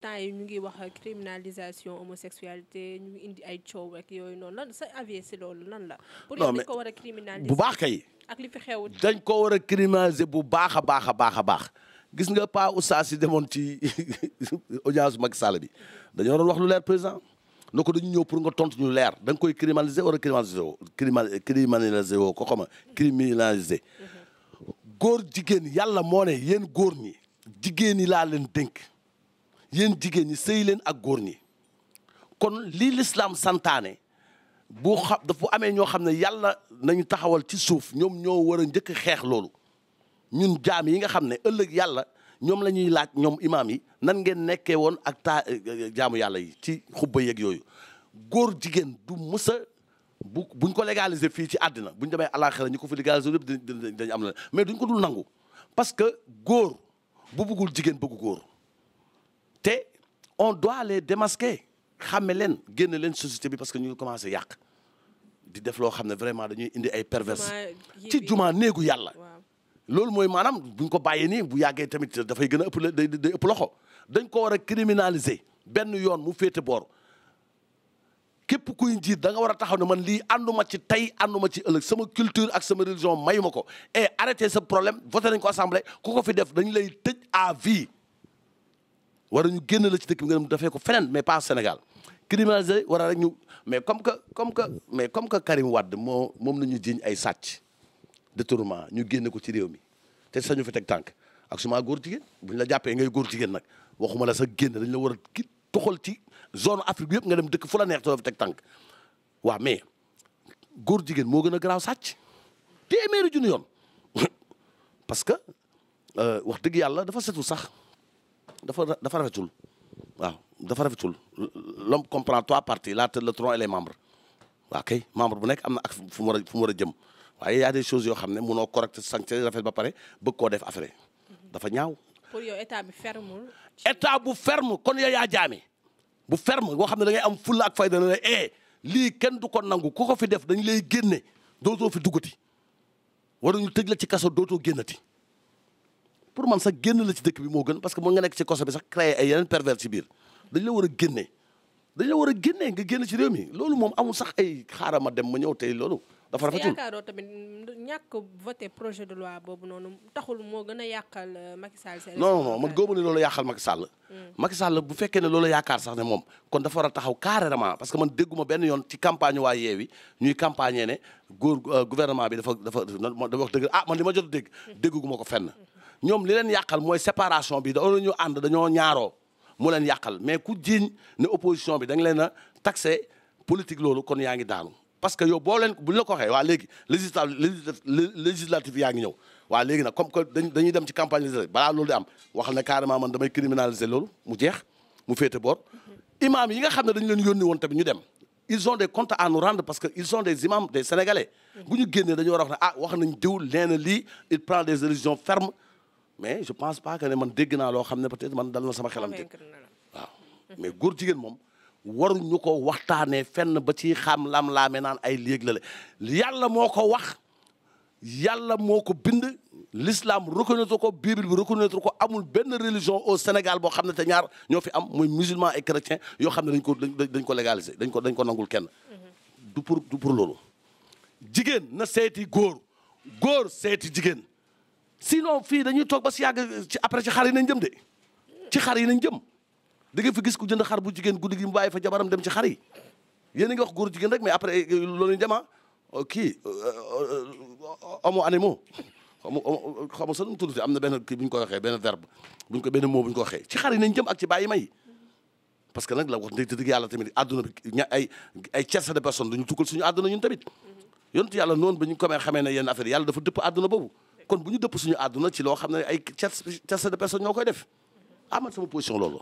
temps yi ñu ngi wax criminalisation homosexualité ñu ngi indi ay coow ak yooyu noonu lan sa avis si loolu lan la. non mais pour dañ ko war bu baax kay. ak li fi xew dañ ko war a criminaliser bu baax a baax a baax a baax gis nga pa oustaz yi demoon ci audience Macky Sall bi dañoo doon wax lu leer président ne ko dañu ñëw pour nga tontu ñu leer da nga koy criminaliser wala criminaliser woo criminaliser woo ko xam nga criminaliser. Mhm. góor jigéen yàlla moo ne yéen góor ñi jigéen ñi laa leen dénk. yéen jigéen ñi sëy leen ak góor ñi kon lii lislaam santaane bu xam dafa amee ñoo xam ne yàlla nañu taxawal ci suuf ñoom ñoo war a njëkk xeex loolu ñun jaam yi nga xam ne ëllëg yàlla ñoom la ñuy laaj ñoom imaam yi nan ngeen nekkee woon ak taa eh, eh, jaamu yàlla yi ci xubba yeeg yooyu góor jigéen du mësa bu buñ ko légaliser fii ci àddina buñ demee àllaaxira ñu ko fi légaliser lépp dañ am la mais duñ ko dul nangu parce que góor bu bëggul jigéen bëggu góor on doit les démasquer xàmme leen génne leen société bi parce que ñu ngi commencé yàq di def loo xam ne vraiment dañuy indi ay pervers ci jumaa néegu yàlla loolu mooy maanaam bu ñu ko bàyyee nii bu yàggee tamit dafay gën a ëpp day day ëpp loxo dañ ko war a criminaliser benn yoon mu féete boor képp kuy njiit da nga war a taxaw ne man lii ànduma ci tey ànduma ci ëllëg sama culture ak sama religion mayu ma ko et eh, arrêté sa problème voté nañ ko assemblée ku ko fi def dañu lay tëj à vie war a ñu génn la ci dëkk bi nga dem dafee ko feneen mais pas Sénégal criminalisé war a rek ñu mais comme que comme que mais comme que Karim Wade moo moom la ñu jiiñ ay sàcc détournement ñu génne ko ci réew mi te sañu fi teg tànk ak suma góor bu ñu la jàppee ngay góor jigéen nag waxuma la sax génn dañ la war a ki toxal ci zone Afrique bi yëpp nga dem dëkk fu la neex too fi teg tànk waaw mais góor jigéen moo gën a garaaw sàcc téeméeri junni yoon parce que euh, wax dëgg yàlla dafa setul sax dafa dafa rafetul waaw dafa rafetul l'homme comprend trois parties la tête le tronc et les kay membre bu nekk am na ak fu mu war a a jëm waaye y a des choses yoo xam ne munoo correct sancté rafet ba pare bëgg koo def affaire dafa ñaaw. pour yow état bi fermul. bu ferm kon yow jaame bu ferme boo xam ne da am fulla ak fayda ne eh lii kenn du ko nangu ko ko fi def dañu lay génne dootoo fi duggati waruñu tëj la ci kaso dootoo génnati. pour man sax génn la ci dëkk bi moo gën parce que mën nga nekk ci koso bi sax créer ay yeneen pervers ci biir dañ la war a génne dañ la war a génne nga génn ci réew mi loolu moom amul sax ay ma dem ma ñëw tey loolu. dafa rafetul yaakaaroo tamit projet de loi boobu noonu taxul moo gën a yàqal euh, Macky Sall. non non man ne loolu yàqal Macky Sall. Hmm. Macky Sall bu fekkee ne loolu yaakaar sax ne moom kon dafa war a taxaw carrément parce que man dégguma benn yoon ci campagne waa Yewwi ñuy campagner euh, bi dafa da wax dëgg ah ma jot dégg hmm. dégguma ko fenn. Hmm. ñoom li leen yàqal mooy séparation bi dañoo ñu ànd dañoo ñaaroo mu leen yàqal mais ku jiiñ ne opposition bi da nga leen a taxé politique loolu kon yaa ngi daanu parce que yow boo leen buñ la ko waxee waa léegi législa législative yaa ngi ñëw waa léegi na comme que dañuy dem ci campagne législative balaa loolu di am waxal ne carrément man damay criminaliser loolu mu jeex mu féete boor imam yi nga xam ne dañu leen yónni woon tamit ñu dem ils ont des comptes à nous parce que ils sont ne ah wax nañ diw nee na lii mais je pense pas que ne man dégg na loo xam ne peut-être man dal na sama xelam dégg waaw mais góor jigéen moom war ñu ko waxtaanee fenn ba ci xam lam laame naan ay léeg la la yàlla moo ko wax yàlla moo ko bind l'islam reconnaître ko bible bi reconnaître ko amul benn religion au Sénégal boo xam ne te ñaar ñoo fi am muy musulman et chrétien yoo xam ne dañ ko dañ ko légaliser dañ ko dañ ko nangul kenn mhm. du pour loolu jigéen na seeti góor góor seeti jigéen sinon fii dañuy toog ba si yàgg après ci xar yi nañ jëm de ci xar yi nañ jëm da nga fi gis ku jënd xar bu jigéen guddi gi mu fa jabaram dem ci xar yi yéen a ngi wax góor jigéen rek mais après lool ñu jama kii euh, euh, homo animaux waxee benn verbe bu ñu ko benn mot bu ci xar yi nañ jëm ak ci bàyyi may parce que nag la wax dëgg dëgg yàlla tamit àdduna bi ay ay tierce de personne duñu tukkal suñu àdduna ñun tamit yontu yàlla noonu ba ñu ko xamee ne yenn affaire yàlla dafa dëpp àdduna boobu kon bu ñu dëpp suñu àdduna ci loo xam ne ay tierce de personne ñoo koy def amat ah, sama position loolu